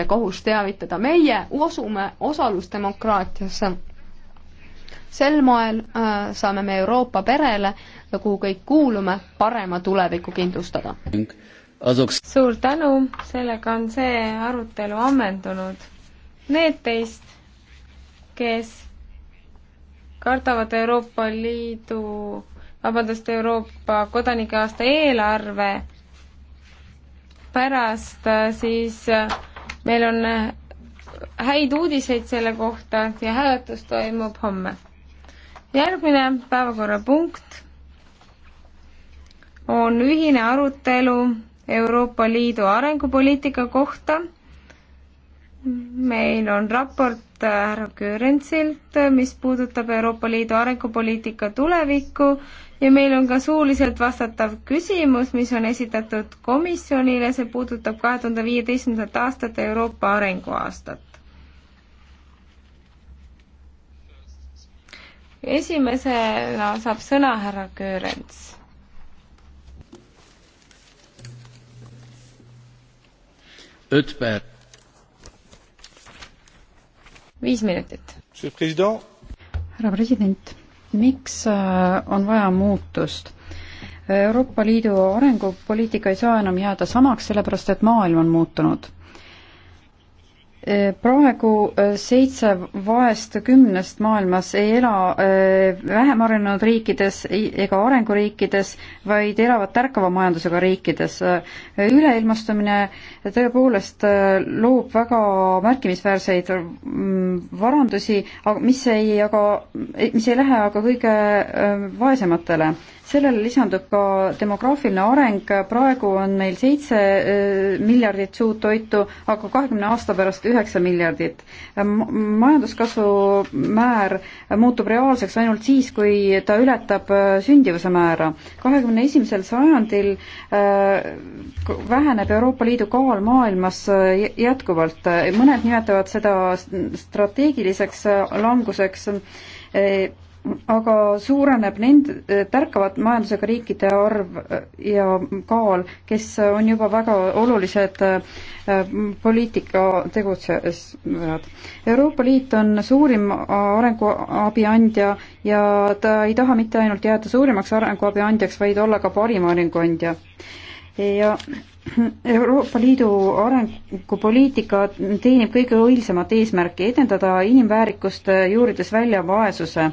ja kohus teavitada. meie usume osalusdemokraatiasse. sel moel äh, saame me Euroopa perele, kuhu kõik kuulume, parema tuleviku kindlustada. suur tänu, sellega on see arutelu ammendunud. Need teist, kes kardavad Euroopa Liidu, vabandust, Euroopa kodanike aasta eelarve pärast äh, siis äh, meil on äh, häid uudiseid selle kohta ja hääletus toimub homme. järgmine päevakorrapunkt on ühine arutelu Euroopa Liidu arengupoliitika kohta. meil on raport äh, härra Görensilt, mis puudutab Euroopa Liidu arengupoliitika tulevikku ja meil on ka suuliselt vastatav küsimus, mis on esitatud komisjonile, see puudutab kahe tuhande viieteistkümnendat aastat Euroopa arenguaastat. esimesena saab sõna härra Köörents. Ötberg. viis minutit. härra president miks äh, on vaja muutust? Euroopa Liidu arengupoliitika ei saa enam jääda samaks, sellepärast et maailm on muutunud praegu äh, seitse vaest kümnest maailmas ei ela äh, vähem arenenud riikides ega arenguriikides, vaid elavad tärkava majandusega riikides. Äh, üleilmastumine tõepoolest loob väga märkimisväärseid mm, varandusi, mis ei aga, mis ei lähe aga kõige vaesematele sellele lisandub ka demograafiline areng, praegu on meil seitse eh, miljardit suudtoitu, aga kahekümne aasta pärast üheksa miljardit. majanduskasvu määr muutub reaalseks ainult siis, kui ta ületab eh, sündivuse määra. kahekümne esimesel sajandil eh, väheneb Euroopa Liidu kaal maailmas jätkuvalt, mõned nimetavad seda strateegiliseks languseks aga suureneb nende eh, tärkavad majandusega riikide arv eh, ja kaal, kes on juba väga olulised eh, poliitika tegutsejad. Euroopa Liit on suurim arenguabi andja ja ta ei taha mitte ainult jääda suurimaks arenguabi andjaks, vaid olla ka parim arenguandja. ja Euroopa Liidu arengupoliitika teenib kõige õilsamat eesmärki edendada inimväärikust, juurides välja vaesuse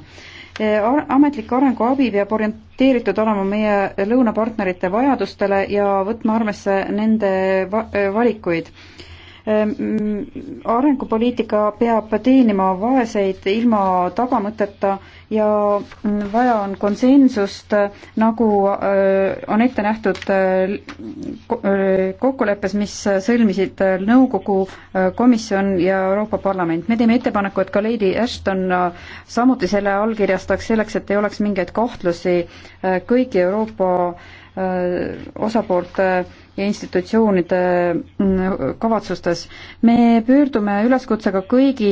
Eh, ametlik arenguabi peab orienteeritud olema meie lõunapartnerite vajadustele ja võtma arvesse nende eh, valikuid Ehm, arengupoliitika peab teenima vaeseid ilma tagamõteta ja mm, vaja on konsensust, nagu äh, on ette nähtud äh, äh, kokkuleppes, mis sõlmisid nõukogu komisjon ja Euroopa Parlament. me teeme ettepaneku, et ka Lady Ashton samuti selle allkirjastaks selleks, et ei oleks mingeid kahtlusi kõigi Euroopa osapoolte ja institutsioonide mm, kavatsustes. me pöördume üleskutsega kõigi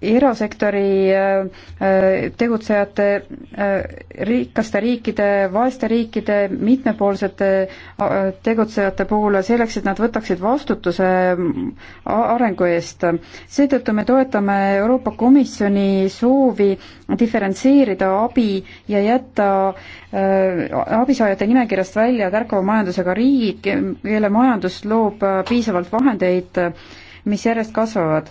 erasektori äh, äh, tegutsejate, äh, rikaste riikide, vaeste riikide, mitmepoolsete tegutsejate poole, selleks et nad võtaksid vastutuse mm, arengu eest. seetõttu me toetame Euroopa Komisjoni soovi diferentseerida abi ja jätta abisaajate nimekirjast välja tärkava majandusega riigid, kelle majandus loob piisavalt vahendeid mis järjest kasvavad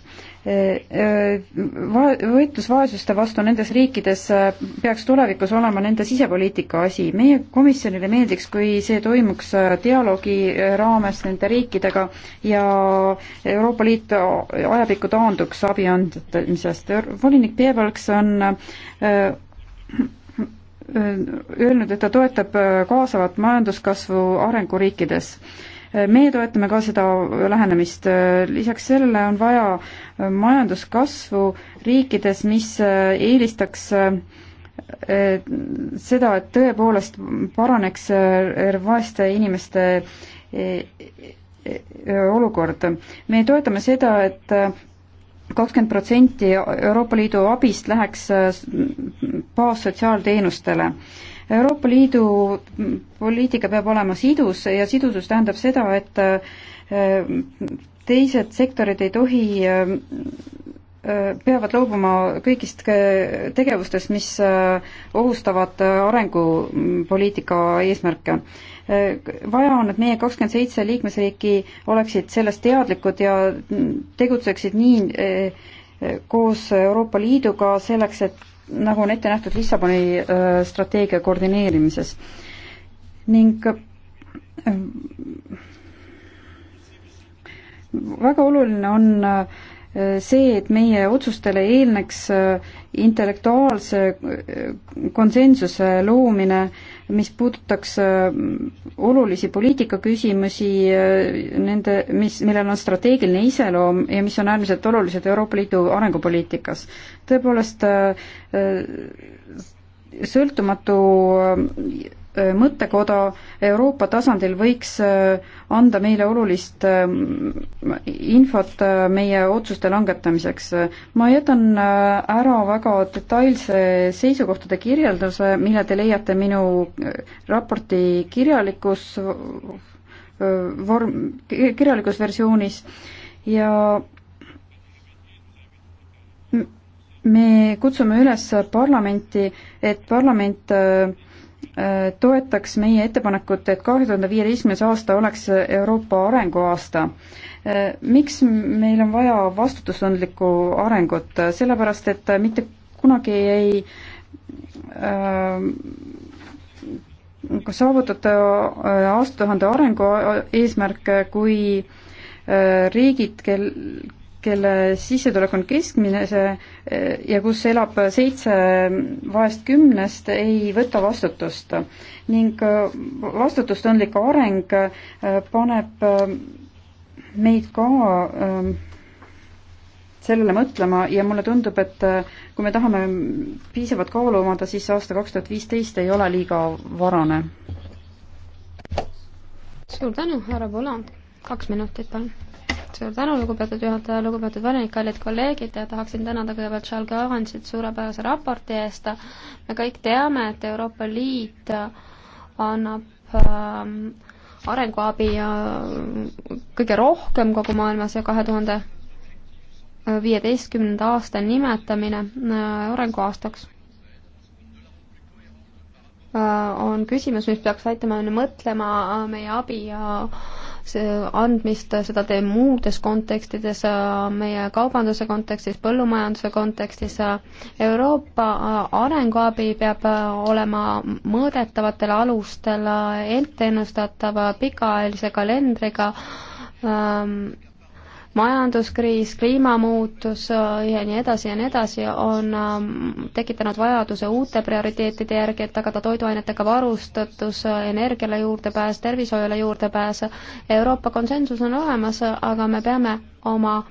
võitlus vaesuste vastu nendes riikides äh, peaks tulevikus olema nende sisepoliitika asi. meie komisjonile meeldiks, kui see toimuks äh, dialoogi äh, raames nende riikidega ja Euroopa Liit ajapikku taanduks abi andmisest. volinik Piebalgs on öelnud, et ta toetab kaasavat majanduskasvu arenguriikides meie toetame ka seda lähenemist, lisaks sellele on vaja majanduskasvu riikides, mis äh, eelistaks äh, seda, et tõepoolest paraneks äh, vaeste inimeste e, e, e, olukord. me toetame seda, et kakskümmend protsenti Euroopa Liidu abist läheks baassotsiaalteenustele. Euroopa Liidu poliitika peab olema sidus ja sidusus tähendab seda, et äh, teised sektorid ei tohi äh, äh, peavad loobuma kõigist tegevustest, mis ohustavad arengupoliitika eesmärke. vaja on, et meie kakskümmend seitse liikmesriiki oleksid sellest teadlikud ja tegutseksid nii koos Euroopa Liiduga selleks, et nagu on ette nähtud Lissaboni äh, strateegia koordineerimises. ning äh, väga oluline on äh, see, et meie otsustele eelneks äh, intellektuaalse äh, konsensuse loomine, mis puudutaks äh, olulisi poliitikaküsimusi, nende, mis, millel on strateegiline iseloom ja mis on äärmiselt olulised Euroopa Liidu arengupoliitikas. tõepoolest, sõltumatu Äh, mõttekoda Euroopa tasandil võiks äh, anda meile olulist ähm, infot äh, meie otsuste langetamiseks. ma jätan ära väga detailse seisukohtade kirjelduse, mille te leiate minu raporti kirjalikus vorm, kirjalikus versioonis ja me kutsume üles parlamenti, et parlament äh, toetaks meie ettepanekut, et kahe tuhande viieteistkümnes aasta oleks Euroopa arenguaasta. miks meil on vaja vastutustundlikku arengut, sellepärast et mitte kunagi ei äh, saavutada äh, aastatuhande arengu eesmärke, kui äh, riigid, kel, kelle sissetulek on keskmine, see ja kus elab seitse vaest kümnest, ei võta vastutust. ning äh, vastutustundlik areng äh, paneb äh, meid ka sellele mõtlema ja mulle tundub, et kui me tahame piisavat kaalu omada, siis aasta kaks tuhat viisteist ei ole liiga varane. suur tänu, härra Poland, kaks minutit, palun suur tänu, lugupeetud juhataja, lugupeetud valinik, kallid kolleegid, tahaksin tänada kõigepealt Charles Gavansit suurepärase raporti eest. me kõik teame, et Euroopa Liit annab ähm, arenguabi äh, kõige rohkem kogu maailmas ja kahe tuhande äh, viieteistkümnenda aasta nimetamine äh, arenguaastaks on küsimus, mis peaks aitama mõtlema meie abi ja andmist, seda teeb muudes kontekstides, meie kaubanduse kontekstis, põllumajanduse kontekstis. Euroopa arenguabi peab olema mõõdetavatel alustel, ette ennustatav pikaajalise kalendriga ähm, majanduskriis, kliimamuutus äh, ja nii edasi ja nii edasi on ähm, tekitanud vajaduse uute prioriteetide järgi, et tagada toiduainetega varustatus, äh, energiale juurdepääs, tervishoiule juurdepääs. Euroopa konsensus on olemas, aga me peame oma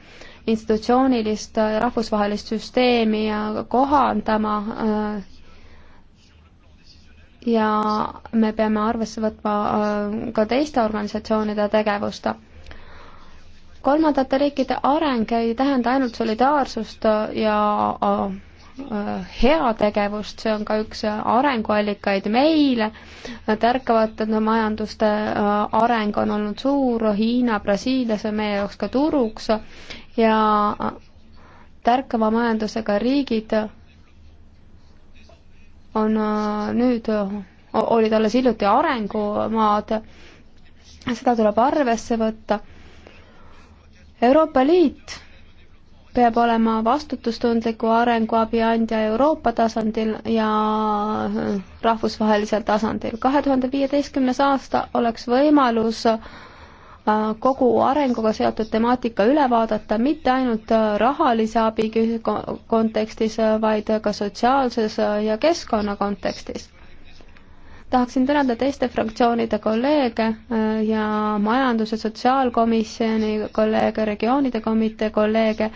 institutsioonilist äh, rahvusvahelist süsteemi kohandama ja me peame arvesse võtma ka teiste organisatsioonide tegevust kolmandate riikide areng ei tähenda ainult solidaarsust ja äh, heategevust, see on ka üks arenguallikaid meile, tärkavate majanduste äh, areng on olnud suur, Hiina, Brasiilias on meie jaoks ka turuks ja tärkava äh, majandusega riigid on nüüd, olid alles hiljuti arengumaad, seda tuleb arvesse võtta Euroopa Liit peab olema vastutustundliku arenguabi andja Euroopa tasandil ja rahvusvahelisel tasandil. kahe tuhande viieteistkümnes aasta oleks võimalus äh, kogu arenguga seotud temaatika üle vaadata, mitte ainult rahalise abi kontekstis, vaid ka sotsiaalses ja keskkonna kontekstis tahaksin tänada teiste fraktsioonide kolleege äh, ja majandus- ja sotsiaalkomisjoni kolleege, regioonide komitee kolleege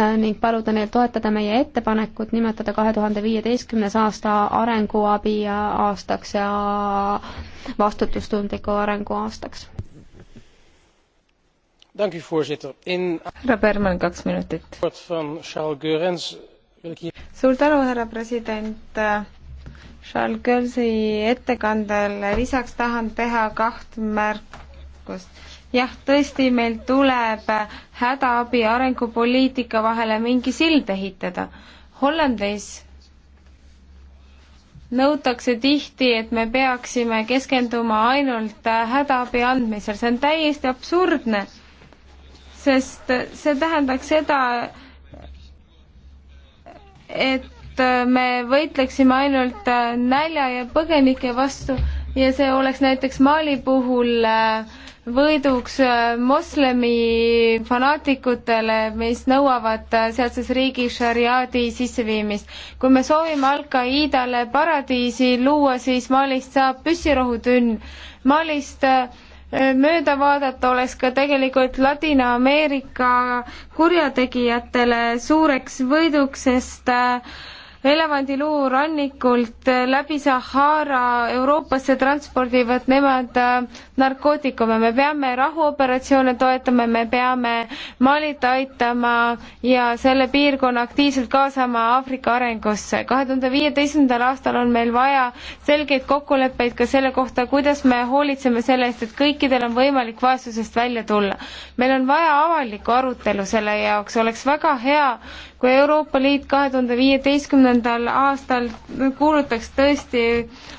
äh, ning paluda neil toetada meie ettepanekut nimetada kahe tuhande viieteistkümnes aasta arenguabi aastaks ja vastutustundliku arengu aastaks. härra Berman, kaks minutit. suur tänu, härra president Charles Gölsi ettekandele, lisaks tahan teha kaht märkust. jah, tõesti, meil tuleb hädaabi ja arengupoliitika vahele mingi sild ehitada. Hollandis nõutakse tihti, et me peaksime keskenduma ainult hädaabi andmisel, see on täiesti absurdne, sest see tähendaks seda, et Äh, me võitleksime ainult äh, nälja ja põgenike vastu ja see oleks näiteks Mali puhul äh, võiduks moslemi fanaatikutele, mis nõuavad sealses riigis šariaadi sisseviimist. kui me soovime Al-Qaedale paradiisi luua, siis Malist saab püssirohutünn. Malist mööda vaadata oleks ka tegelikult Ladina-Ameerika kurjategijatele suureks võiduks, sest äh, elevandiluu rannikult läbi Sahara Euroopasse transpordivad nemad äh, narkootikume. me peame rahuoperatsioone toetama, me peame Malit aitama ja selle piirkonna aktiivselt kaasama Aafrika arengusse. kahe tuhande viieteistkümnendal aastal on meil vaja selgeid kokkuleppeid ka selle kohta, kuidas me hoolitseme selle eest, et kõikidel on võimalik vaesusest välja tulla. meil on vaja avalikku arutelu selle jaoks, oleks väga hea, kui Euroopa Liit kahe tuhande viieteistkümnendal kaheteistkümnendal aastal kuulutaks tõesti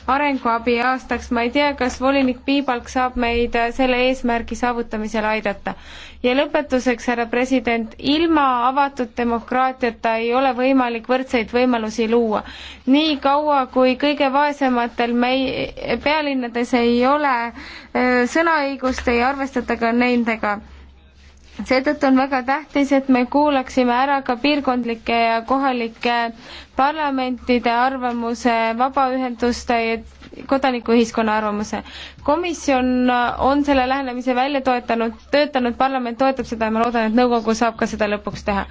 arenguabi aastaks, ma ei tea, kas volinik Piibalk saab meid selle eesmärgi saavutamisel aidata. ja lõpetuseks, härra president, ilma avatud demokraatiata ei ole võimalik võrdseid võimalusi luua. nii kaua, kui kõige vaesematel mei-, pealinnades ei ole äh, sõnaõigust, ei arvestata ka nendega seetõttu on väga tähtis, et me kuulaksime ära ka piirkondlike ja kohalike parlamentide arvamuse, vabaühenduste ja kodanikuühiskonna arvamuse. komisjon on selle lähenemise välja toetanud, töötanud, parlament toetab seda ja ma loodan, et nõukogu saab ka seda lõpuks teha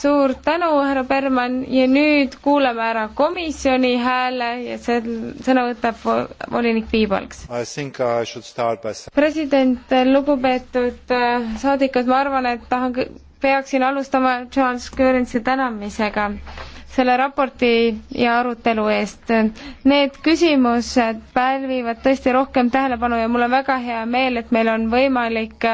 suur tänu, härra Berman ja nüüd kuulame ära komisjoni hääle ja sel, sõna võtab volinik Piibalks. president, lugupeetud äh, saadikud, ma arvan, et tahan, peaksin alustama Charles Currency tänamisega selle raporti ja arutelu eest. Need küsimused pälvivad tõesti rohkem tähelepanu ja mul on väga hea meel, et meil on võimalik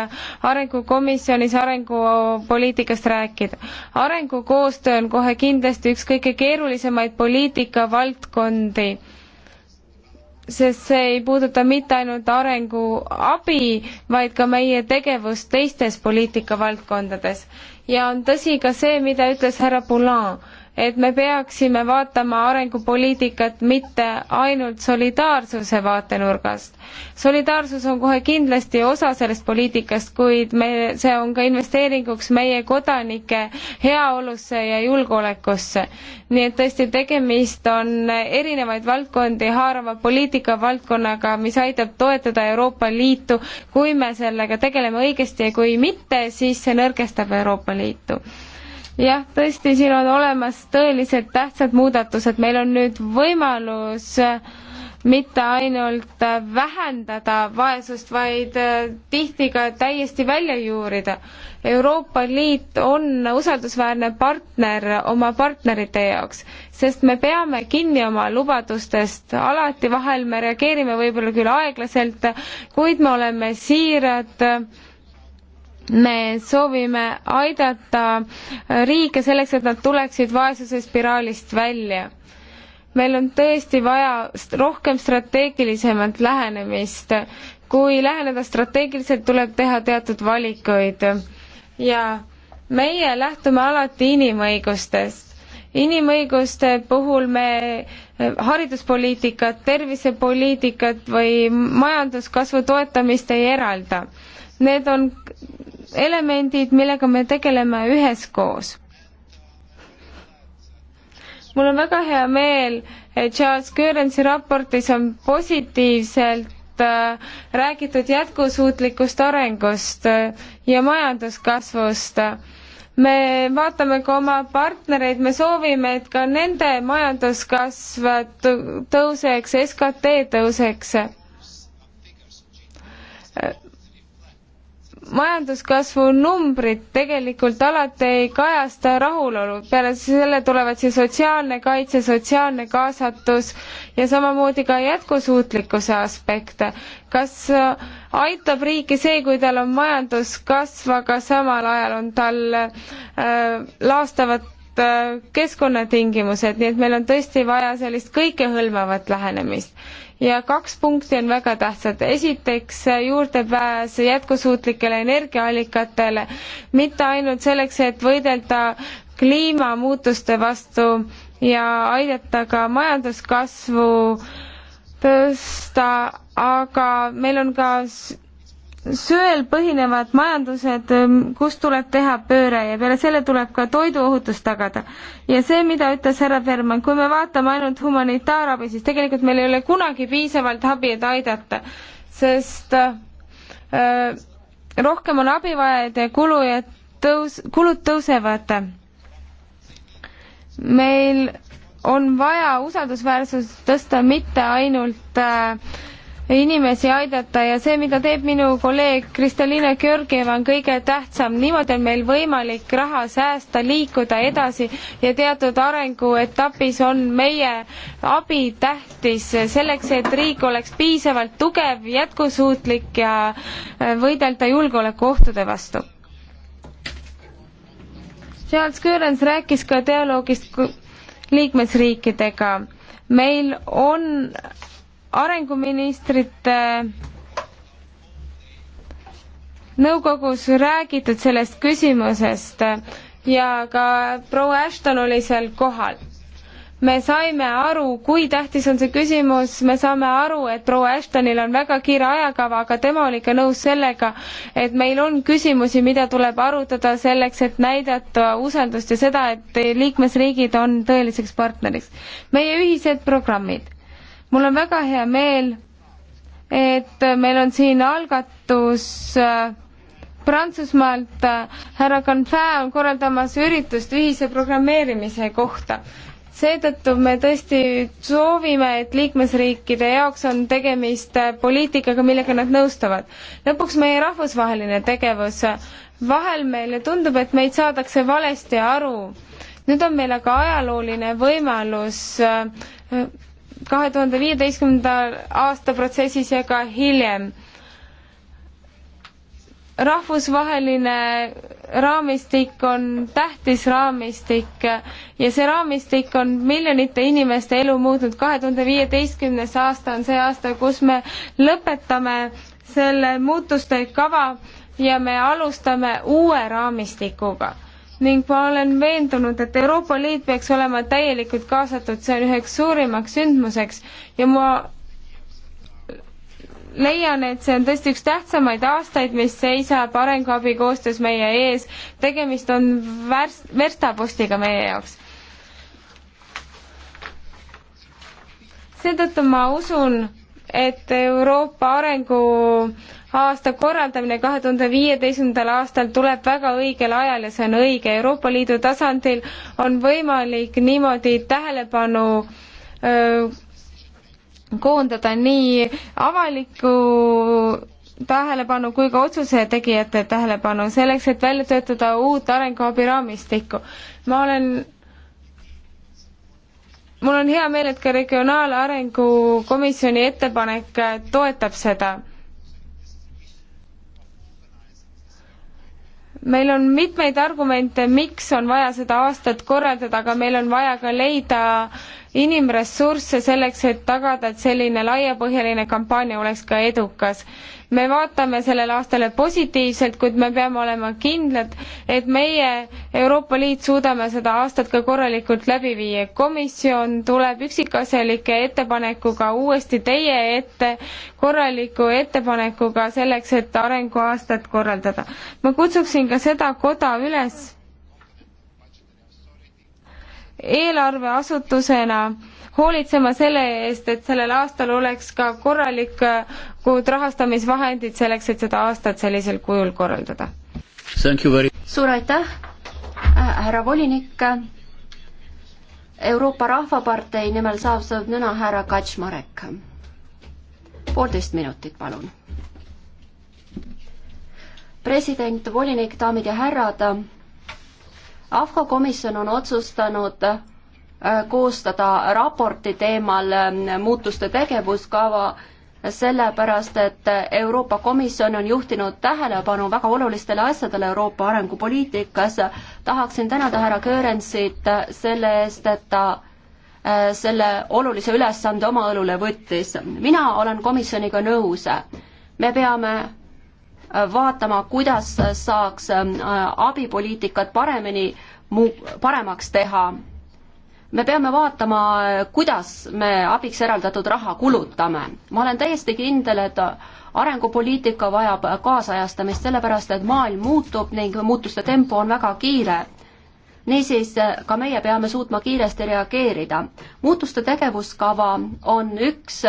arengukomisjonis arengupoliitikast rääkida. arengukoostöö on kohe kindlasti üks kõige keerulisemaid poliitikavaldkondi sest see ei puuduta mitte ainult arenguabi, vaid ka meie tegevust teistes poliitikavaldkondades. ja on tõsi ka see, mida ütles härra Poulan, et me peaksime vaatama arengupoliitikat mitte ainult solidaarsuse vaatenurgast. solidaarsus on kohe kindlasti osa sellest poliitikast, kuid me, see on ka investeeringuks meie kodanike heaolusse ja julgeolekusse. nii et tõesti, tegemist on erinevaid valdkondi haarava poliitikavaldkonnaga, mis aitab toetada Euroopa Liitu, kui me sellega tegeleme õigesti ja kui mitte, siis see nõrgestab Euroopa Liitu jah, tõesti, siin on olemas tõeliselt tähtsad muudatused, meil on nüüd võimalus äh, mitte ainult äh, vähendada vaesust, vaid äh, tihti ka täiesti välja juurida. Euroopa Liit on usaldusväärne partner oma partnerite jaoks, sest me peame kinni oma lubadustest, alati vahel me reageerime võib-olla küll aeglaselt, kuid me oleme siirad me soovime aidata riike selleks, et nad tuleksid vaesusespiraalist välja. meil on tõesti vaja rohkem strateegilisemat lähenemist. kui läheneda strateegiliselt, tuleb teha teatud valikuid ja meie lähtume alati inimõigustest inimõiguste puhul me hariduspoliitikat, tervisepoliitikat või majanduskasvu toetamist ei eralda. Need on elemendid, millega me tegeleme üheskoos. mul on väga hea meel, et Charles Currency raportis on positiivselt äh, räägitud jätkusuutlikust arengust äh, ja majanduskasvust me vaatame ka oma partnereid, me soovime, et ka nende majanduskasv tõuseks, SKT tõuseks majanduskasvu numbrid tegelikult alati ei kajasta rahulolu, peale selle tulevad siis sotsiaalne kaitse, sotsiaalne kaasatus ja samamoodi ka jätkusuutlikkuse aspekte. kas äh, aitab riiki see, kui tal on majanduskasv, aga samal ajal on tal äh, laastavad äh, keskkonnatingimused, nii et meil on tõesti vaja sellist kõikehõlmavat lähenemist ja kaks punkti on väga tähtsad. esiteks juurdepääs jätkusuutlikele energiaallikatele, mitte ainult selleks, et võidelda kliimamuutuste vastu ja aidata ka majanduskasvu tõsta, aga meil on ka söel põhinevad majandused, ehm, kus tuleb teha pööre ja peale selle tuleb ka toiduohutus tagada. ja see, mida ütles härra Berman, kui me vaatame ainult humanitaarabi, siis tegelikult meil ei ole kunagi piisavalt abi, et aidata, sest äh, rohkem on abivajajaid ja kulu ja tõus, kulud tõusevad. meil on vaja usaldusväärsust tõsta mitte ainult äh, inimesi aidata ja see, mida teeb minu kolleeg Kristeliina Georgieva, on kõige tähtsam. niimoodi on meil võimalik raha säästa, liikuda edasi ja teatud arenguetapis on meie abi tähtis selleks, et riik oleks piisavalt tugev, jätkusuutlik ja äh, võidelda julgeolekuohtude vastu. Charles Curens rääkis ka dialoogist liikmesriikidega. meil on arenguministrite nõukogus räägitud sellest küsimusest ja ka proua Ashton oli seal kohal. me saime aru, kui tähtis on see küsimus, me saame aru, et proua Ashtonil on väga kiire ajakava, aga tema oli ka nõus sellega, et meil on küsimusi, mida tuleb arutada selleks, et näidata usaldust ja seda, et liikmesriigid on tõeliseks partneriks. meie ühised programmid mul on väga hea meel, et meil on siin algatus äh, Prantsusmaalt äh, härra Canfin on korraldamas üritust ühise programmeerimise kohta. seetõttu me tõesti soovime, et liikmesriikide jaoks on tegemist äh, poliitikaga, millega nad nõustuvad. lõpuks meie rahvusvaheline tegevus. vahel meile tundub, et meid saadakse valesti aru. nüüd on meil aga ajalooline võimalus kahe tuhande viieteistkümnendal aasta protsessis ja ka hiljem. rahvusvaheline raamistik on tähtis raamistik ja see raamistik on miljonite inimeste elu muutnud. kahe tuhande viieteistkümnes aasta on see aasta, kus me lõpetame selle muutuste kava ja me alustame uue raamistikuga ning ma olen veendunud, et Euroopa Liit peaks olema täielikult kaasatud, see on üheks suurimaks sündmuseks ja ma leian, et see on tõesti üks tähtsamaid aastaid, mis seisab arenguabi koostöös meie ees. tegemist on värst, verstapostiga meie jaoks. seetõttu ma usun, et Euroopa arenguaasta korraldamine kahe tuhande viieteistkümnendal aastal tuleb väga õigel ajal ja see on õige. Euroopa Liidu tasandil on võimalik niimoodi tähelepanu öö, koondada nii avaliku tähelepanu kui ka otsuse tegijate tähelepanu selleks, et välja töötada uut arenguabi raamistikku. ma olen mul on hea meel, et ka Regionaalarengu Komisjoni ettepanek toetab seda. meil on mitmeid argumente, miks on vaja seda aastat korraldada, aga meil on vaja ka leida inimressursse selleks, et tagada, et selline laiapõhjaline kampaania oleks ka edukas me vaatame sellele aastale positiivselt, kuid me peame olema kindlad, et meie, Euroopa Liit, suudame seda aastat ka korralikult läbi viia. komisjon tuleb üksikasjalike ettepanekuga uuesti teie ette, korraliku ettepanekuga selleks, et arenguaastat korraldada. ma kutsuksin ka seda koda üles eelarveasutusena hoolitsema selle eest, et sellel aastal oleks ka korralikud äh, rahastamisvahendid selleks, et seda aastat sellisel kujul korraldada. suur aitäh, äh, härra volinik. Euroopa Rahvapartei nimel saab sõna härra Kaczmarek. poolteist minutit, palun president, volinik, daamid ja härrad. AFCO komisjon on otsustanud koostada raporti teemal ähm, muutuste tegevuskava, sellepärast et Euroopa Komisjon on juhtinud tähelepanu väga olulistele asjadele Euroopa arengupoliitikas. tahaksin tänada härra Göransit selle eest, et ta äh, selle olulise ülesande oma õlule võttis. mina olen komisjoniga nõus. me peame äh, vaatama, kuidas saaks äh, abipoliitikat paremini, paremaks teha me peame vaatama, kuidas me abiks eraldatud raha kulutame. ma olen täiesti kindel, et arengupoliitika vajab kaasajastamist, sellepärast et maailm muutub ning muutuste tempo on väga kiire. niisiis, ka meie peame suutma kiiresti reageerida. muutuste tegevuskava on üks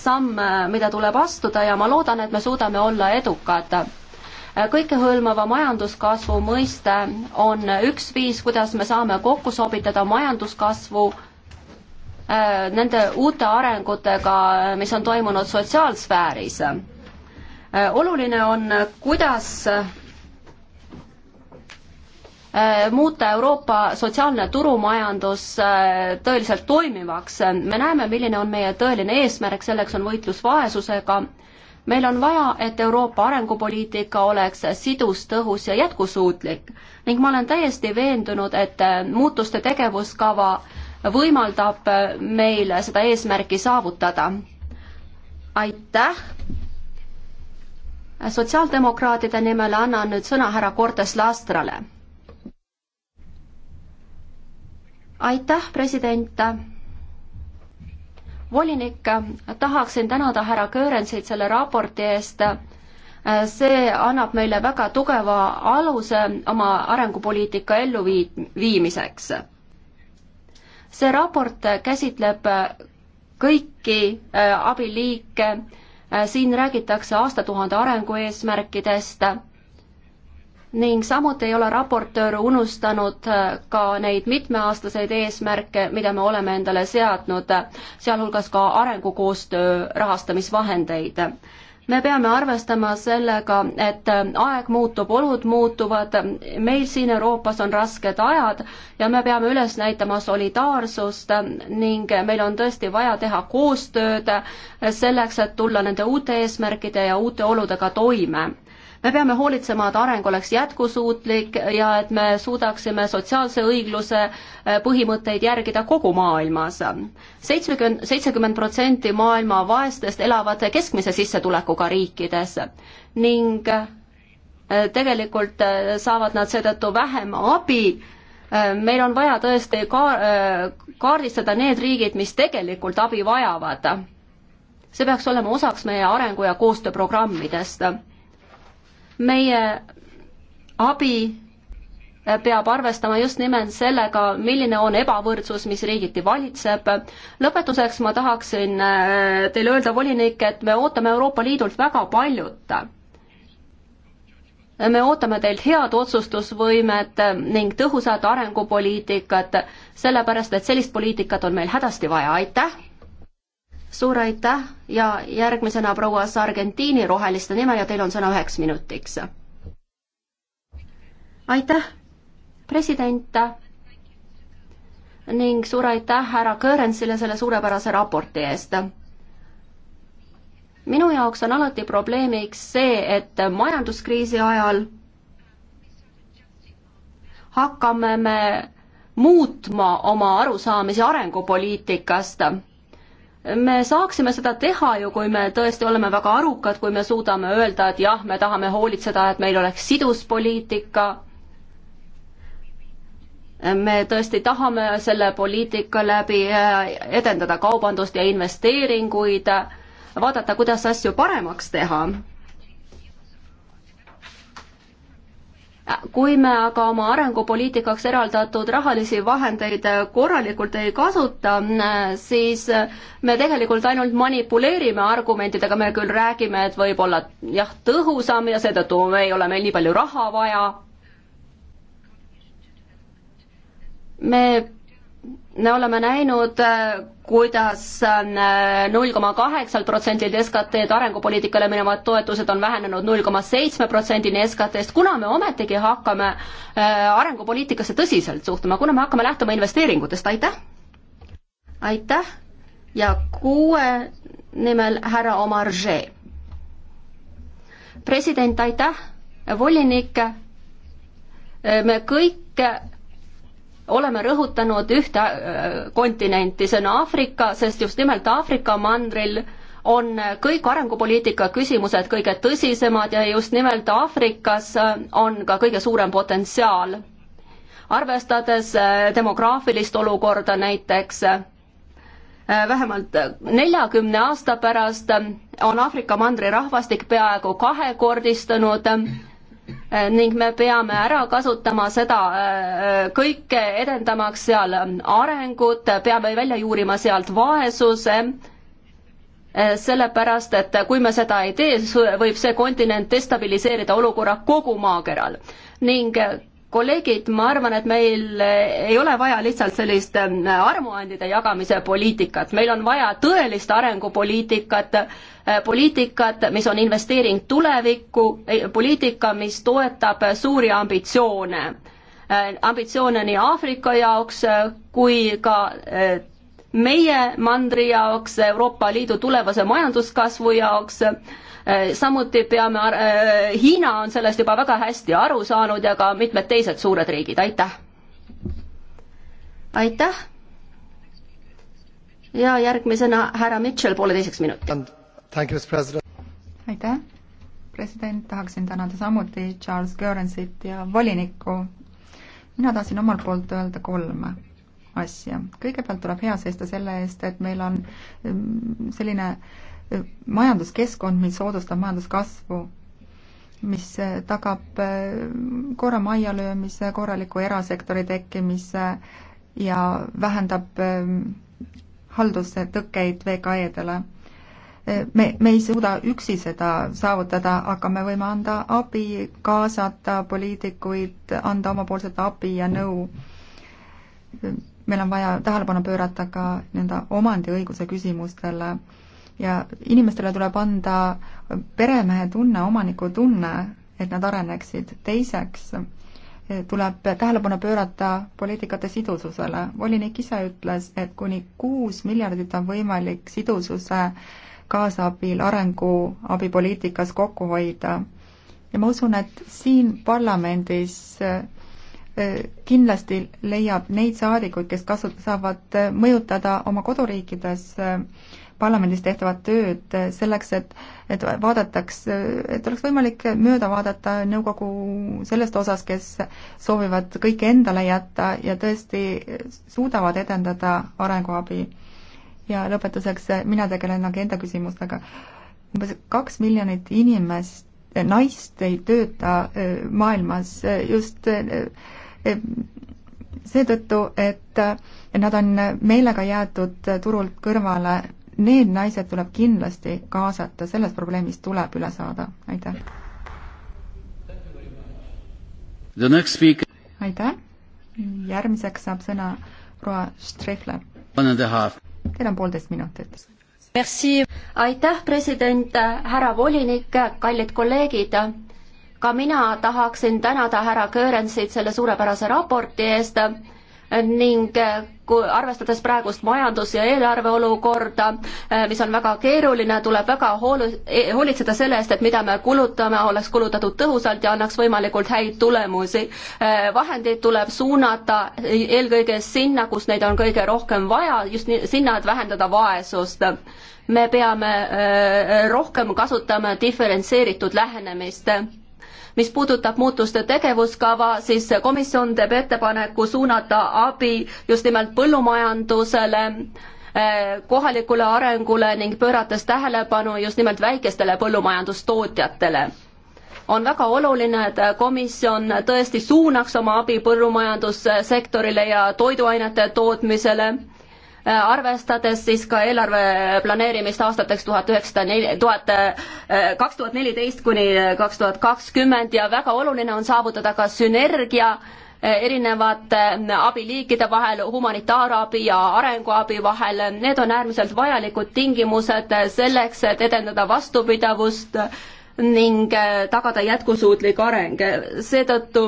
samm, mida tuleb astuda ja ma loodan, et me suudame olla edukad kõikehõlmava majanduskasvu mõiste on üks viis, kuidas me saame kokku sobitada majanduskasvu äh, nende uute arengutega, mis on toimunud sotsiaalsfääris. Äh, oluline on, kuidas äh, muuta Euroopa sotsiaalne turumajandus tõeliselt toimivaks. me näeme, milline on meie tõeline eesmärk, selleks on võitlus vaesusega meil on vaja, et Euroopa arengupoliitika oleks sidus, tõhus ja jätkusuutlik ning ma olen täiesti veendunud, et muutuste tegevuskava võimaldab meil seda eesmärki saavutada. aitäh! sotsiaaldemokraatide nimel annan nüüd sõna härra Cortes Lastrale. aitäh, president! volinik, tahaksin tänada härra Köörensit selle raporti eest. see annab meile väga tugeva aluse oma arengupoliitika elluviimiseks. see raport käsitleb kõiki äh, abiliike, äh, siin räägitakse aastatuhande arengueesmärkidest ning samuti ei ole raportöör unustanud äh, ka neid mitmeaastaseid eesmärke, mida me oleme endale seadnud, sealhulgas ka arengukoostöö rahastamisvahendeid me peame arvestama sellega, et äh, aeg muutub, olud muutuvad, meil siin Euroopas on rasked ajad ja me peame üles näitama solidaarsust äh, ning meil on tõesti vaja teha koostööd selleks, et tulla nende uute eesmärkide ja uute oludega toime me peame hoolitsema, et areng oleks jätkusuutlik ja et me suudaksime sotsiaalse õigluse äh, põhimõtteid järgida kogu maailmas. seitsmekümne, seitsekümmend protsenti maailma vaestest elavad keskmise sissetulekuga riikides ning äh, tegelikult äh, saavad nad seetõttu vähem abi meil on vaja tõesti ka-, kaardistada need riigid, mis tegelikult abi vajavad. see peaks olema osaks meie arengu- ja koostööprogrammidest meie abi peab arvestama just nimelt sellega, milline on ebavõrdsus, mis riigiti valitseb. lõpetuseks ma tahaksin äh, teile öelda, volinik, et me ootame Euroopa Liidult väga paljut. me ootame teilt head otsustusvõimet ning tõhusat arengupoliitikat, sellepärast et sellist poliitikat on meil hädasti vaja, aitäh! suur aitäh ja järgmisena proua Sargentini roheliste nimel ja teil on sõna üheks minutiks. aitäh, president ning suur aitäh härra Kõõrensile selle suurepärase raporti eest minu jaoks on alati probleemiks see, et majanduskriisi ajal hakkame me muutma oma arusaamisi arengupoliitikast me saaksime seda teha ju, kui me tõesti oleme väga arukad, kui me suudame öelda, et jah, me tahame hoolitseda, et meil oleks sidus poliitika. me tõesti tahame selle poliitika läbi äh, edendada kaubandust ja investeeringuid, vaadata, kuidas asju paremaks teha kui me aga oma arengupoliitikaks eraldatud rahalisi vahendeid korralikult ei kasuta, siis me tegelikult ainult manipuleerime argumentidega, me küll räägime, et võib-olla jah, tõhusam ja seetõttu ei ole meil nii palju raha vaja. me me oleme näinud äh, kuidas, kuidas äh, null koma kaheksalt protsendilt SKT-d arengupoliitikale minevad toetused on vähenenud null koma seitsme protsendini SKT-st, kuna me ometigi hakkame äh, arengupoliitikasse tõsiselt suhtuma, kuna me hakkame lähtuma investeeringutest, aitäh! aitäh ja kuue nimel härra Omar G. president, aitäh, volinik, me kõik oleme rõhutanud ühte äh, kontinenti, see on Aafrika, sest just nimelt Aafrika mandril on kõik arengupoliitika küsimused kõige tõsisemad ja just nimelt Aafrikas äh, on ka kõige suurem potentsiaal. arvestades äh, demograafilist olukorda näiteks, vähemalt neljakümne aasta pärast on Aafrika mandri rahvastik peaaegu kahekordistunud Eh, ning me peame ära kasutama seda eh, kõike, edendamaks seal eh, arengut, peame välja juurima sealt vaesuse, sellepärast et kui me seda ei tee, siis võib see kontinent destabiliseerida olukorra kogu maakeral ning kolleegid, ma arvan, et meil ei ole vaja lihtsalt sellist ähm, armuandide jagamise poliitikat, meil on vaja tõelist arengupoliitikat, äh, poliitikat, mis on investeering tulevikku, äh, poliitika, mis toetab äh, suuri ambitsioone. ambitsioone nii Aafrika jaoks kui ka meie mandri jaoks, Euroopa Liidu tulevase majanduskasvu jaoks, Äh, samuti peame, äh, Hiina on sellest juba väga hästi aru saanud ja ka mitmed teised suured riigid, aitäh! aitäh! ja järgmisena härra Mitchell pooleteiseks minutiks. aitäh! president, tahaksin tänada samuti Charles Göransit ja volinikku. mina tahtsin omalt poolt öelda kolme asja. kõigepealt tuleb hea seista selle eest, et meil on mm, selline äh, majanduskeskkond, mis soodustab majanduskasvu, mis eh, tagab eh, korra majja löömise, korraliku erasektori tekkimise ja vähendab eh, haldustõkkeid VKE-dele. me, me ei suuda üksi seda saavutada, aga me võime anda abi, kaasata poliitikuid, anda omapoolset abi ja nõu. meil on vaja tähelepanu pöörata ka nii-öelda omandiõiguse küsimustele ja inimestele tuleb anda peremehe tunne, omaniku tunne, et nad areneksid. teiseks eh, tuleb tähelepanu pöörata poliitikate sidususele. volinik ise ütles, et kuni kuus miljardit on võimalik sidususe kaasabil arenguabipoliitikas kokku hoida. ja ma usun, et siin parlamendis eh, eh, kindlasti leiab neid saadikuid, kes kasu-, saavad mõjutada oma koduriikides parlamendis tehtavat tööd selleks, et, et vaadataks, et oleks võimalik mööda vaadata nõukogu sellest osas, kes soovivad kõike endale jätta ja tõesti suudavad edendada arenguabi. ja lõpetuseks, mina tegelen agenda küsimustega. umbes kaks miljonit inimest, naist ei tööta e, maailmas e, just e, seetõttu, et nad on meelega jäetud turult kõrvale need naised tuleb kindlasti kaasata, sellest probleemist tuleb üle saada, aitäh. aitäh, järgmiseks saab sõna proua Strehler. Teil on poolteist minutit. aitäh, president, härra volinik, kallid kolleegid ka mina tahaksin tänada härra Köörensit selle suurepärase raporti eest ning äh, kui arvestades praegust majandus- ja eelarveolukorda, äh, mis on väga keeruline, tuleb väga hool-, e-, hoolitseda selle eest, et mida me kulutame, oleks kulutatud tõhusalt ja annaks võimalikult häid tulemusi. Äh, vahendeid tuleb suunata e-, eelkõige sinna, kus neid on kõige rohkem vaja, just nii, sinna, et vähendada vaesust. me peame rohkem kasutama diferentseeritud lähenemist mis puudutab muutuste tegevuskava, siis komisjon teeb ettepaneku suunata abi just nimelt põllumajandusele, eh, kohalikule arengule ning pöörates tähelepanu just nimelt väikestele põllumajandustootjatele on väga oluline, et komisjon tõesti suunaks oma abi põllumajandussektorile ja toiduainete tootmisele Äh, arvestades siis ka eelarve planeerimist aastateks tuhat üheksasada neli, tuhat, äh, kaks tuhat neliteist kuni äh, kaks tuhat kakskümmend ja väga oluline on saavutada ka sünergia erinevate abiliikide vahel, humanitaarabi ja arenguabi vahel, need on äärmiselt vajalikud tingimused selleks, et edendada vastupidavust ning tagada jätkusuutlik areng. seetõttu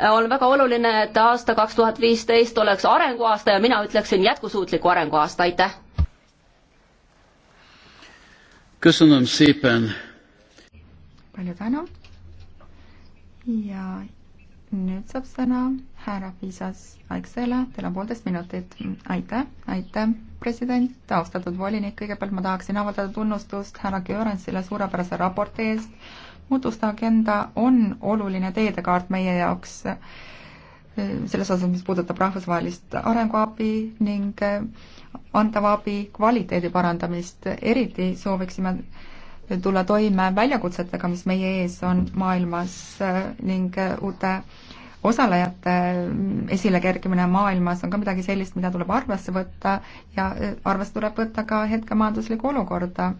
on väga oluline, et aasta kaks tuhat viisteist oleks arenguaasta ja mina ütleksin jätkusuutliku arenguaasta, aitäh. palju tänu. ja nüüd saab sõna härra Piisas Aiksele, teil on poolteist minutit. aitäh, aitäh, president, austatud volinik, kõigepealt ma tahaksin avaldada tunnustust härra Göransile suurepärase raporti eest muutuste agenda on oluline teedekaart meie jaoks äh, selles osas, mis puudutab rahvusvahelist arenguabi ning äh, antava abi kvaliteedi parandamist, eriti sooviksime tulla toime väljakutsetega, mis meie ees on maailmas äh, ning uute osalejate esilekerkimine maailmas on ka midagi sellist, mida tuleb arvesse võtta ja arvesse tuleb võtta ka hetke majanduslikku olukorda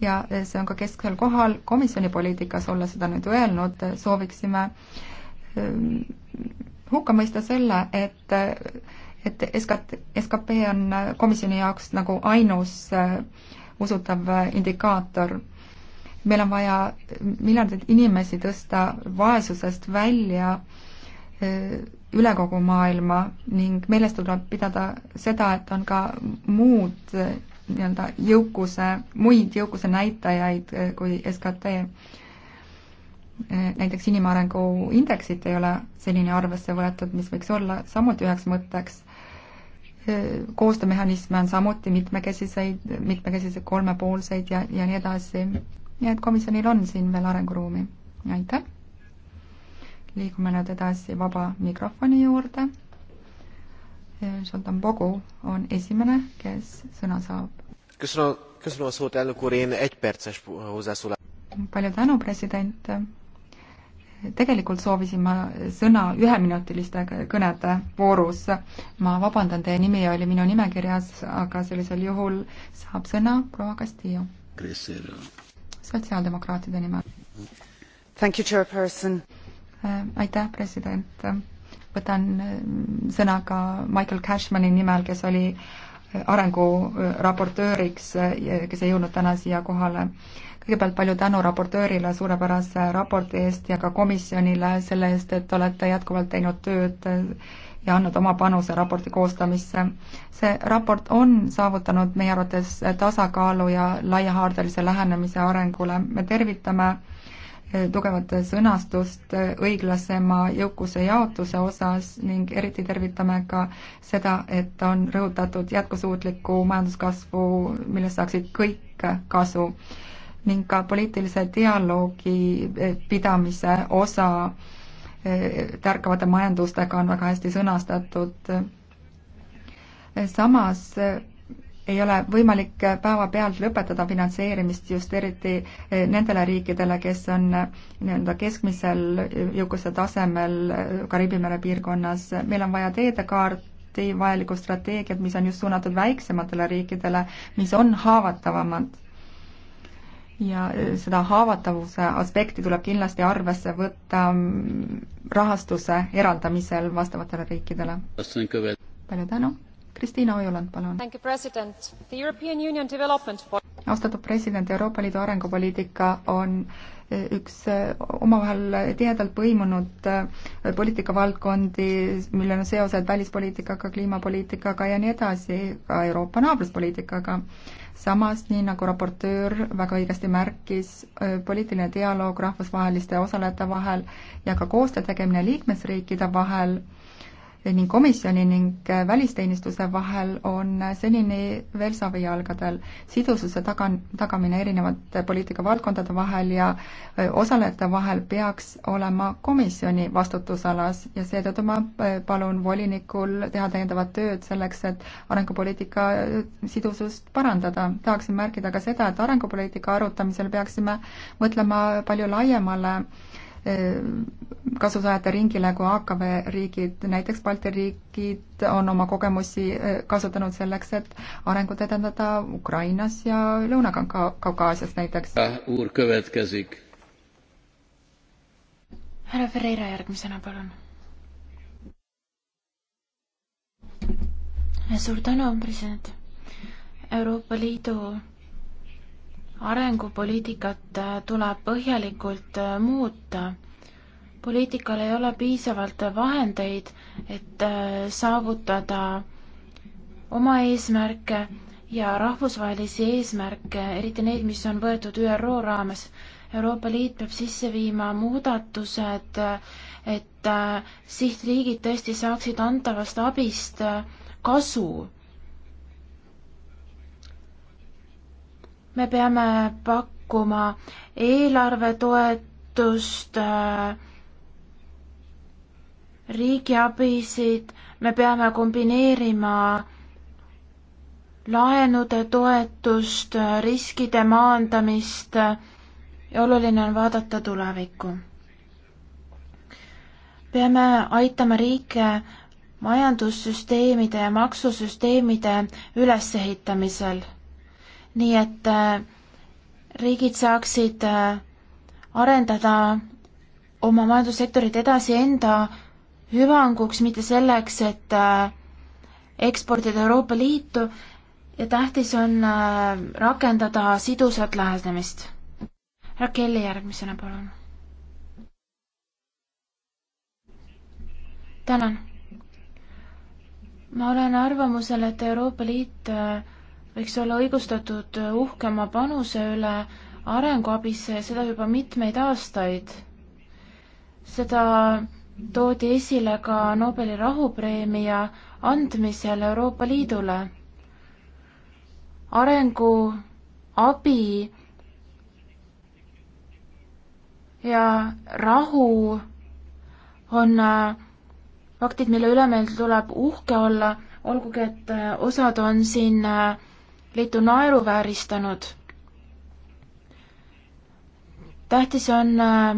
ja see on ka kesksel kohal komisjoni poliitikas, olla seda nüüd öelnud, sooviksime ähm, hukka mõista selle, et et SKT, SKP on komisjoni jaoks nagu ainus äh, usutav indikaator. meil on vaja miljardeid inimesi tõsta vaesusest välja äh, üle kogu maailma ning meeles tuleb pidada seda, et on ka muud nii-öelda jõukuse, muid jõukuse näitajaid eh, kui SKT. Eh, näiteks inimarengu indeksit ei ole senini arvesse võetud, mis võiks olla samuti üheks mõtteks. Eh, koostöömehhanisme on samuti mitmekesiseid, mitmekesiseid kolmepoolseid ja, ja nii edasi. nii et komisjonil on siin veel arenguruumi. aitäh! liigume nüüd edasi vaba mikrofoni juurde Zoltán Bogó on esimene, kes sõna saab. palju tänu, president. tegelikult soovisin ma sõna üheminutiliste kõnede voorus. ma vabandan, teie nimi oli minu nimekirjas, aga sellisel juhul saab sõna proua Castillo. sotsiaaldemokraatide nimel. Äh, aitäh, president võtan äh, sõna ka Michael Cashmani nimel, kes oli äh, arenguraportööriks, äh, kes ei jõudnud täna siia kohale. kõigepealt palju tänu raportöörile suurepärase raporti eest ja ka komisjonile selle eest, et olete jätkuvalt teinud tööd ja andnud oma panuse raporti koostamisse. see raport on saavutanud meie arvates tasakaalu ja laiahaardelise lähenemise arengule. me tervitame tugevat sõnastust õiglasema jõukuse jaotuse osas ning eriti tervitame ka seda, et on rõhutatud jätkusuutlikku majanduskasvu, millest saaksid kõik kasu ning ka poliitilise dialoogi pidamise osa eh, tärkavate majandustega on väga hästi sõnastatud. samas ei ole võimalik päevapealt lõpetada finantseerimist just eriti eh, nendele riikidele, kes on eh, nii-öelda keskmisel jõukuse tasemel eh, Kariibi mere piirkonnas. meil on vaja teedekaarti, vajalikku strateegiat, mis on just suunatud väiksematele riikidele, mis on haavatavamad. ja seda haavatavuse aspekti tuleb kindlasti arvesse võtta mm, rahastuse eraldamisel vastavatele riikidele. palju tänu! Kristiina Ojuland, palun. austatud president, Euroopa Liidu arengupoliitika on eh, üks eh, omavahel tihedalt põimunud eh, poliitikavaldkondi, millel on seosed välispoliitikaga, kliimapoliitikaga ja nii edasi, ka Euroopa naabruspoliitikaga. samas, nii nagu raportöör väga õigesti märkis, poliitiline dialoog rahvusvaheliste osalejate vahel ja ka koostöö tegemine liikmesriikide vahel ning komisjoni ning äh, välisteenistuse vahel on äh, senini veel savijalgadel. sidususe taga, tagamine erinevate poliitikavaldkondade vahel ja äh, osalejate vahel peaks olema komisjoni vastutusalas ja seetõttu ma palun volinikul teha täiendavat tööd selleks, et arengupoliitika sidusust parandada. tahaksin märkida ka seda, et arengupoliitika arutamisel peaksime mõtlema palju laiemale äh, Äh, kasusaajate ringile nagu kui AKV riigid, näiteks Balti riigid on oma kogemusi äh, kasutanud selleks, et arengut edendada Ukrainas ja Lõuna-Kaukaasias näiteks. härra Ferreira järgmisena, palun. suur tänu, president. Euroopa Liidu arengupoliitikat äh, tuleb põhjalikult äh, muuta. poliitikal ei ole piisavalt vahendeid, et äh, saavutada oma eesmärke ja rahvusvahelisi eesmärke, eriti neid, mis on võetud ÜRO raames. Euroopa Liit peab sisse viima muudatused, et sihtriigid tõesti saaksid antavast abist kasu me peame pakkuma eelarvetoetust, äh, riigiabisid, me peame kombineerima laenude toetust, äh, riskide maandamist ja oluline on vaadata tulevikku. peame aitama riike majandussüsteemide ja maksusüsteemide ülesehitamisel nii et äh, riigid saaksid äh, arendada oma majandussektorit edasi enda hüvanguks, mitte selleks, et äh, eksportida Euroopa Liitu ja tähtis on rakendada sidusat lähenemist. härra Kelly järgmisena, palun. tänan. ma olen arvamusel, et Euroopa Liit äh, võiks olla õigustatud uhkema panuse üle arenguabisse ja seda juba mitmeid aastaid. seda toodi esile ka Nobeli rahupreemia andmisel Euroopa Liidule. arenguabi ja rahu on äh, faktid, mille üle meil tuleb uhke olla, olgugi et äh, osad on siin äh, Liitu naeruvääristanud. tähtis on äh,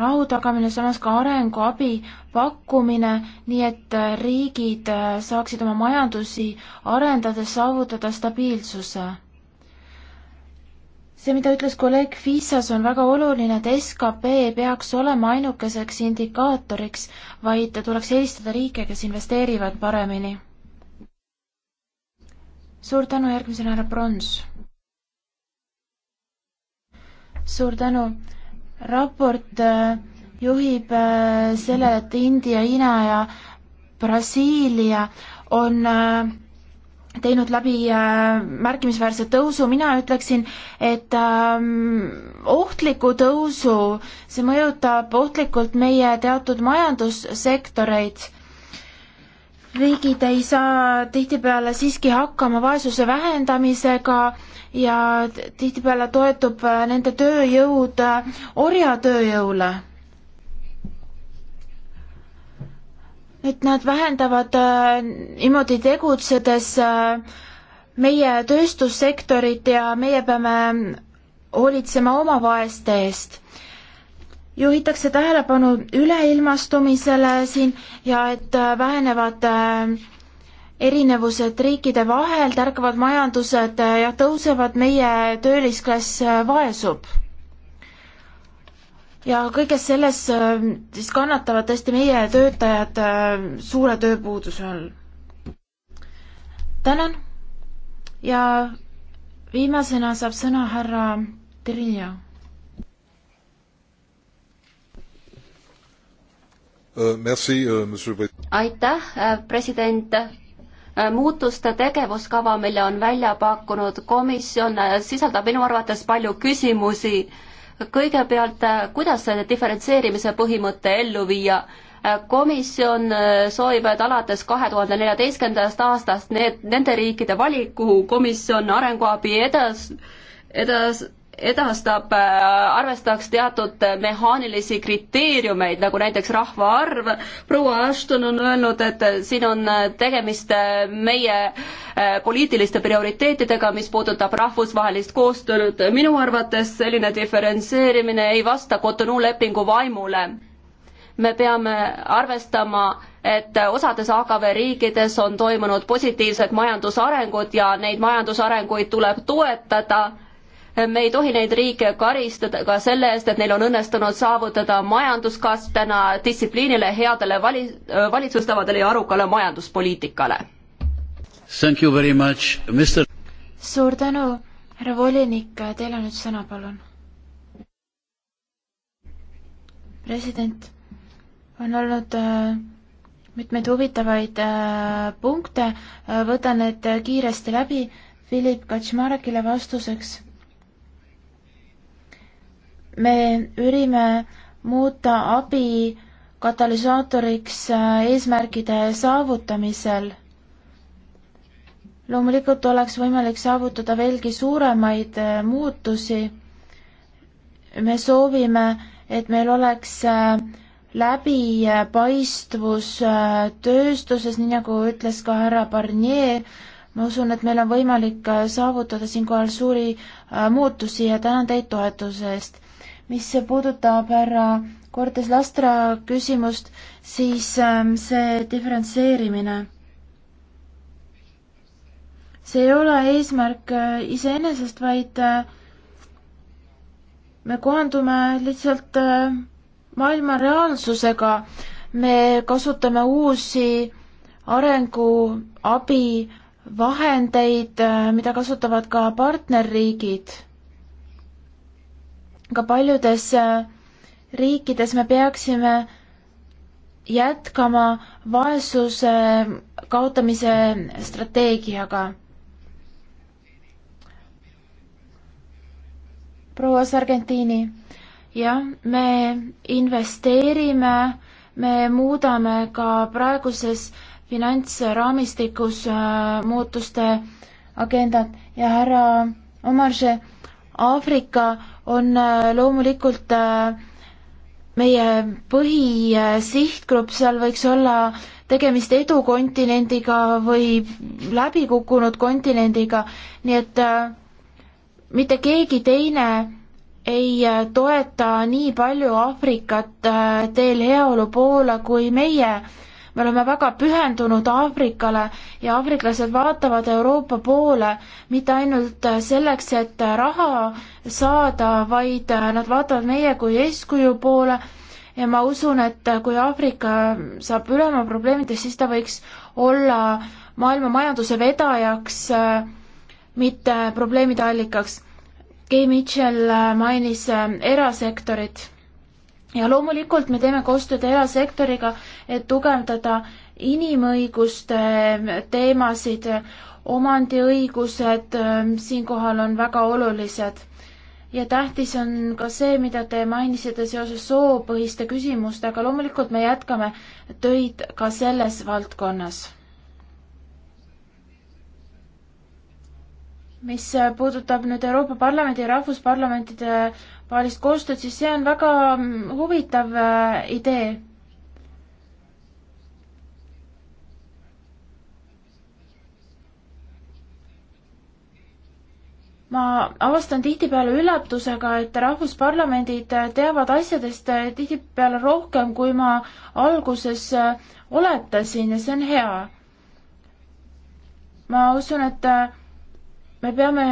rahu tagamine, samas ka arenguabi pakkumine, nii et äh, riigid äh, saaksid oma majandusi arendades saavutada stabiilsuse. see, mida ütles kolleeg Fissas, on väga oluline, et skp ei peaks olema ainukeseks indikaatoriks, vaid tuleks eelistada riike, kes investeerivad paremini suur tänu, järgmisena härra Prons. suur tänu. raport äh, juhib äh, sellele, et India, Hiina ja Brasiilia on äh, teinud läbi märkimisväärse tõusu, mina ütleksin, et ähm, ohtliku tõusu, see mõjutab ohtlikult meie teatud majandussektoreid riigid ei saa tihtipeale siiski hakkama vaesuse vähendamisega ja tihtipeale toetub nende tööjõud orjatööjõule. et nad vähendavad äh, niimoodi tegutsedes äh, meie tööstussektorit ja meie peame hoolitsema oma vaeste eest juhitakse tähelepanu üleilmastumisele siin ja et äh, vähenevad äh, erinevused riikide vahel, tärkavad majandused äh, ja tõusevad, meie töölisklass vaesub. ja kõiges selles siis kannatavad tõesti meie töötajad suure tööpuuduse all. tänan ja viimasena saab sõna härra Trinja Euh, euh, aitäh, äh, president. Äh, muutuste tegevuskava, mille on välja pakkunud komisjon, äh, sisaldab minu arvates palju küsimusi. kõigepealt, kuidas selle diferentseerimise põhimõte ellu viia? komisjon soovib, et alates kahe tuhande neljateistkümnendast aastast need, nende riikide valik, kuhu komisjon arenguabi edas, edas edastab, äh, arvestaks teatud mehaanilisi kriteeriumeid, nagu näiteks rahvaarv. proua Ashton on öelnud, et siin on tegemist meie äh, poliitiliste prioriteetidega, mis puudutab rahvusvahelist koostööd. minu arvates selline diferentseerimine ei vasta Cotonou lepingu vaimule. me peame arvestama, et osades AKV riikides on toimunud positiivsed majandusarengud ja neid majandusarenguid tuleb toetada me ei tohi neid riike karistada ka selle eest, et neil on õnnestunud saavutada majanduskasv täna distsipliinile, headele vali-, valitsustavadele ja arukale majanduspoliitikale. suur tänu, härra volinik, teil on nüüd sõna, palun. president, on olnud äh, mitmeid huvitavaid äh, punkte, äh, võtan need kiiresti läbi, Philip Kaczmarekile vastuseks me ürime muuta abi katalüsaatoriks äh, eesmärgide saavutamisel. loomulikult oleks võimalik saavutada veelgi suuremaid äh, muutusi. me soovime, et meil oleks äh, läbipaistvus tööstuses, nii nagu ütles ka härra Barnier, ma usun, et meil on võimalik saavutada siinkohal suuri muutusi ja tänan teid toetuse eest mis puudutab härra Cortes Lastra küsimust, siis ähm, see diferentseerimine. see ei ole eesmärk äh, iseenesest, vaid äh, me kohandume lihtsalt äh, maailma reaalsusega. me kasutame uusi arenguabi vahendeid, mida kasutavad ka partnerriigid ka paljudes äh, riikides me peaksime jätkama vaesuse äh, kaotamise strateegiaga. proua Sargentini, jah, me investeerime, me muudame ka praeguses finantsraamistikus äh, muutuste agendat ja härra Omarže, Aafrika on äh, loomulikult äh, meie põhisihtgrupp, seal võiks olla tegemist edukontinendiga või läbikukkunud kontinendiga, nii et äh, mitte keegi teine ei toeta nii palju Aafrikat teel heaolu poole kui meie me oleme väga pühendunud Aafrikale ja aafriklased vaatavad Euroopa poole mitte ainult selleks, et raha saada, vaid nad vaatavad meie kui eeskuju poole ja ma usun, et kui Aafrika saab üle oma probleemidest, siis ta võiks olla maailma majanduse vedajaks, mitte probleemide allikaks. Gay Mitchell mainis erasektorit ja loomulikult me teeme koostööd erasektoriga, et tugevdada inimõiguste ähm, teemasid, omandiõigused ähm, siinkohal on väga olulised. ja tähtis on ka see, mida te mainisite seoses soopõhiste küsimustega, loomulikult me jätkame töid ka selles valdkonnas mis puudutab nüüd Euroopa Parlamendi ja rahvusparlamentide vahelist koostööd, siis see on väga mm, huvitav äh, idee. ma avastan tihtipeale üllatusega, et rahvusparlamendid äh, teavad asjadest äh, tihtipeale rohkem, kui ma alguses oletasin ja see on hea. ma usun, et me peame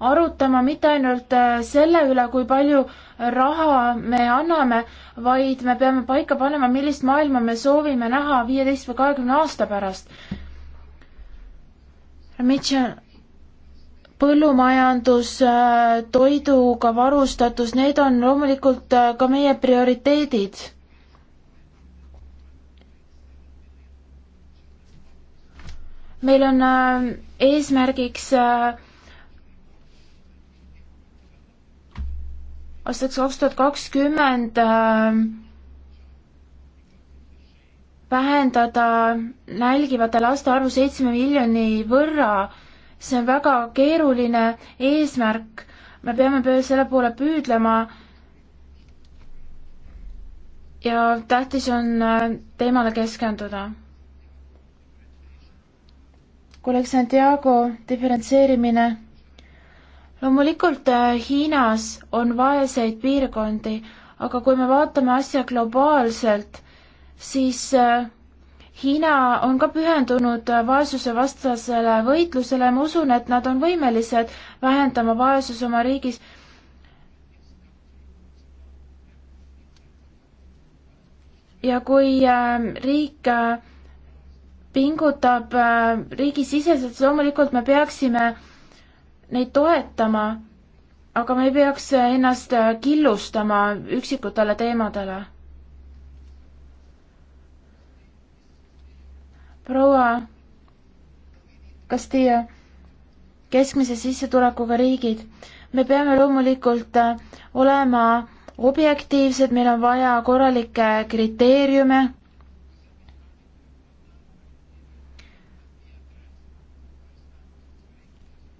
arutama mitte ainult äh, selle üle, kui palju raha me anname, vaid me peame paika panema, millist maailma me soovime näha viieteist või kahekümne aasta pärast. põllumajandus, äh, toiduga varustatus, need on loomulikult äh, ka meie prioriteedid meil on eesmärgiks aastaks kaks tuhat kakskümmend äh, vähendada nälgivate laste arvu seitsme miljoni võrra. see on väga keeruline eesmärk, me peame selle poole püüdlema. ja tähtis on äh, teemale keskenduda. kolleeg Santiago diferentseerimine loomulikult äh, Hiinas on vaeseid piirkondi, aga kui me vaatame asja globaalselt, siis äh, Hiina on ka pühendunud äh, vaesusevastasele võitlusele ja ma usun, et nad on võimelised vähendama vaesuse oma riigis. ja kui riik pingutab riigisiseselt, siis loomulikult me peaksime neid toetama, aga me ei peaks ennast killustama üksikutele teemadele. proua, kas teie keskmise sissetulekuga riigid, me peame loomulikult olema objektiivsed, meil on vaja korralikke kriteeriume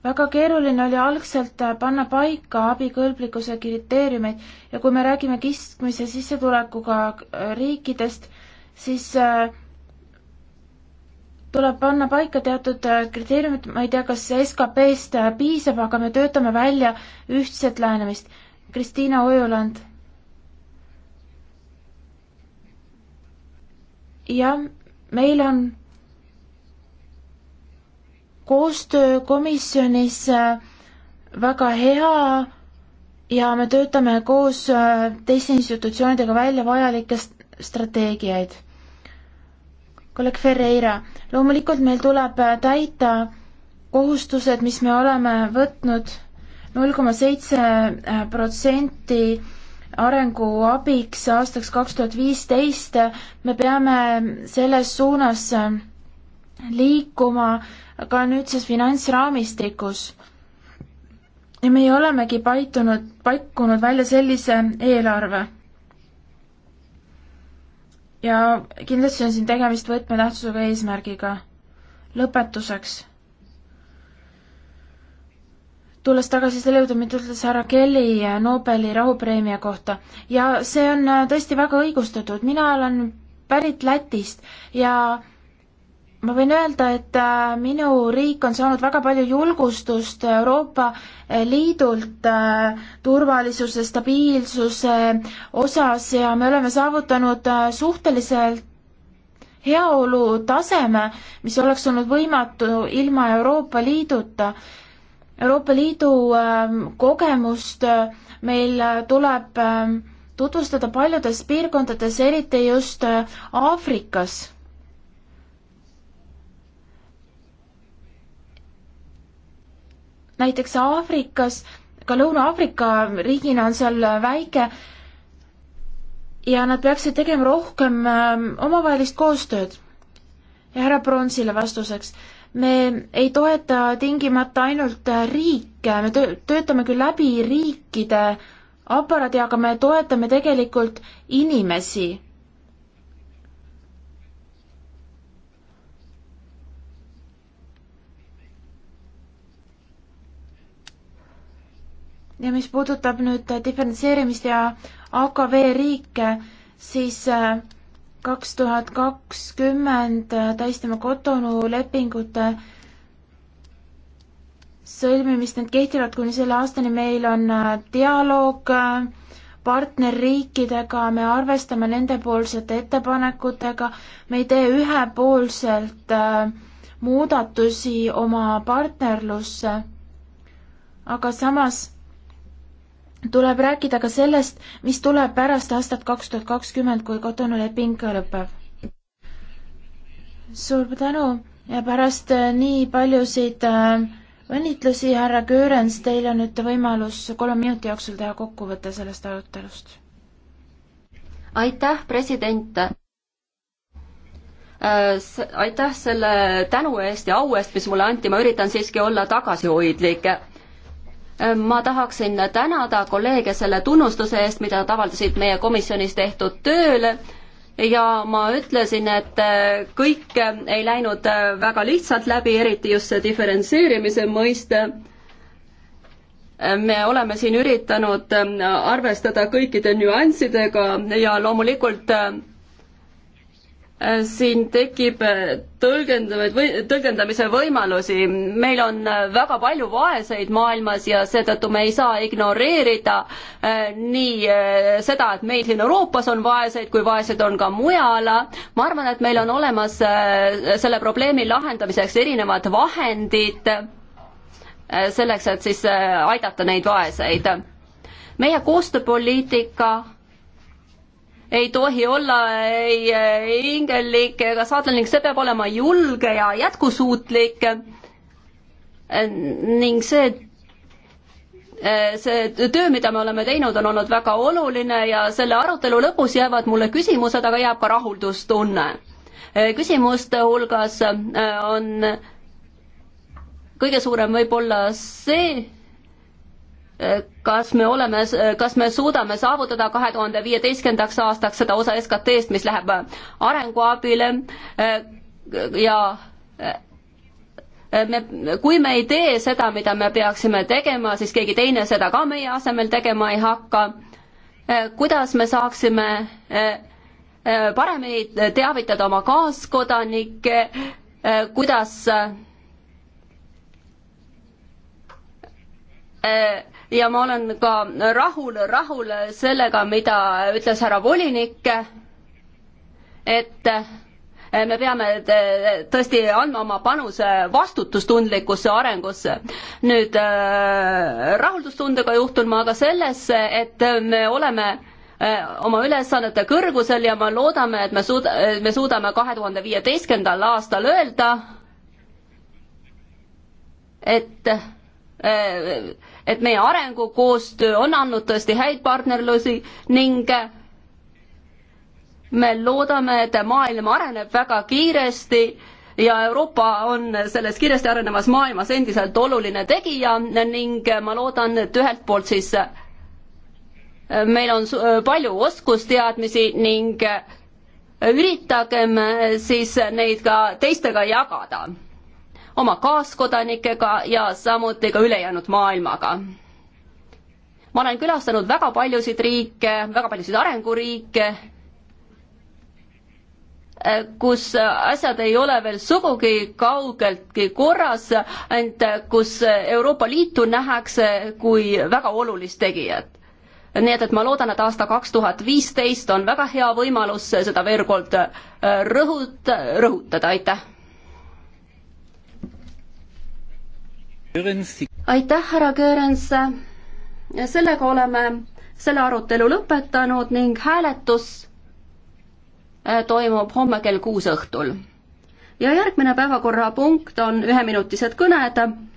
väga keeruline oli algselt äh, panna paika abikõlblikkuse kriteeriumeid ja kui me räägime keskmise sissetulekuga äh, riikidest, siis äh, tuleb panna paika teatud kriteeriumid, ma ei tea, kas SKP-st piisab, aga me töötame välja ühtset lähenemist. Kristiina Ojuland. jah, meil on koostöö komisjonis äh, väga hea ja me töötame koos äh, teiste institutsioonidega välja vajalikke strateegiaid. kolleeg Ferreira, loomulikult meil tuleb äh, täita kohustused, mis me oleme võtnud null koma seitse protsenti arenguabiks aastaks kaks tuhat viisteist, me peame selles suunas liikuma ka nüüdses finantsraamistikus. ja meie olemegi paitunud, pakkunud välja sellise eelarve. ja kindlasti on siin tegemist võtmetähtsusega eesmärgiga. lõpetuseks. tulles tagasi selle juurde, mida ütles härra Kelly Nobeli rahupreemia kohta ja see on tõesti väga õigustatud, mina olen pärit Lätist ja ma võin öelda, et äh, minu riik on saanud väga palju julgustust Euroopa äh, Liidult äh, turvalisuse, stabiilsuse osas ja me oleme saavutanud suhteliselt heaolu taseme, mis oleks olnud võimatu ilma Euroopa Liiduta. Euroopa Liidu ähm, kogemust meil tuleb ähm, tutvustada paljudes piirkondades, eriti just Aafrikas näiteks Aafrikas, ka Lõuna-Aafrika riigina on seal väike ja nad peaksid tegema rohkem ähm, omavahelist koostööd. ja härra Bronsile vastuseks, me ei toeta tingimata ainult riike, me töö-, töötame küll läbi riikide aparaadi, aga me toetame tegelikult inimesi ja mis puudutab nüüd diferentseerimist ja AKV riike, siis äh, kaks tuhat kakskümmend äh, tähistame Cotonou lepingute sõlmimist, need kehtivad kuni selle aastani, meil on äh, dialoog partnerriikidega, me arvestame nendepoolsete ettepanekutega, me ei tee ühepoolselt muudatusi oma partnerlusse, aga samas tuleb rääkida ka sellest, mis tuleb pärast aastat kaks tuhat kakskümmend, kui Cotonou leping lõpeb. suur tänu ja pärast äh, nii paljusid äh, õnnitlusi, härra Köörens, teil on nüüd võimalus kolme minuti jooksul teha kokkuvõte sellest arutelust. aitäh, president! Äh, aitäh selle tänu eest ja au eest, mis mulle anti, ma üritan siiski olla tagasihoidlik ma tahaksin tänada kolleege selle tunnustuse eest, mida nad avaldasid meie komisjonis tehtud tööle ja ma ütlesin, et kõik ei läinud väga lihtsalt läbi, eriti just see diferentseerimise mõiste. me oleme siin üritanud arvestada kõikide nüanssidega ja loomulikult Äh, siin tekib äh, tõlgendavaid või tõlgendamise võimalusi. meil on äh, väga palju vaeseid maailmas ja seetõttu me ei saa ignoreerida nii seda, et meil siin Euroopas on vaeseid, kui vaesed on ka mujal. ma arvan, et meil on olemas selle probleemi lahendamiseks erinevad vahendid selleks, et siis aidata neid vaeseid. meie koostööpoliitika ei tohi olla ei ingellik ega saatanlik, see peab olema julge ja jätkusuutlik. ning see, see töö, mida me oleme teinud, on olnud väga oluline ja selle arutelu lõpus jäävad mulle küsimused, aga jääb ka rahuldustunne. küsimuste hulgas on kõige suurem võib-olla see, kas me oleme, kas me suudame saavutada kahe tuhande viieteistkümnendaks aastaks seda osa SKT-st, mis läheb arenguabile äh, ja äh, me, kui me ei tee seda, mida me peaksime tegema, siis keegi teine seda ka meie asemel tegema ei hakka. Äh, kuidas me saaksime paremini teavitada oma kaaskodanikke, kuidas ja ma olen ka rahul, rahul sellega, mida ütles härra volinik, et me peame tõesti andma oma panuse vastutustundlikkusse arengusse. nüüd äh, rahuldustundega juhtun ma aga sellesse, et me oleme äh, oma ülesannete kõrgusel ja me loodame, et me suuda, me suudame kahe tuhande viieteistkümnendal aastal öelda, et Äh, et meie arengukoostöö on andnud tõesti häid partnerlusi ning äh, me loodame, et maailm areneb väga kiiresti ja Euroopa on selles kiiresti arenevas maailmas endiselt oluline tegija ning ma loodan, et ühelt poolt siis äh, meil on palju oskusteadmisi ning üritagem siis neid ka teistega jagada oma kaaskodanikega ja samuti ka ülejäänud maailmaga ma olen külastanud väga paljusid riike, väga paljusid arenguriike, kus asjad ei ole veel sugugi kaugeltki korras, ent kus Euroopa Liitu nähakse kui väga olulist tegijat. nii et, et ma loodan, et aasta kaks tuhat viisteist on väga hea võimalus seda veel kord rõhut-, rõhutada, aitäh! aitäh, härra Göörens. sellega oleme selle arutelu lõpetanud ning hääletus äh, toimub homme kell kuus õhtul. ja järgmine päevakorrapunkt on üheminutilised kõned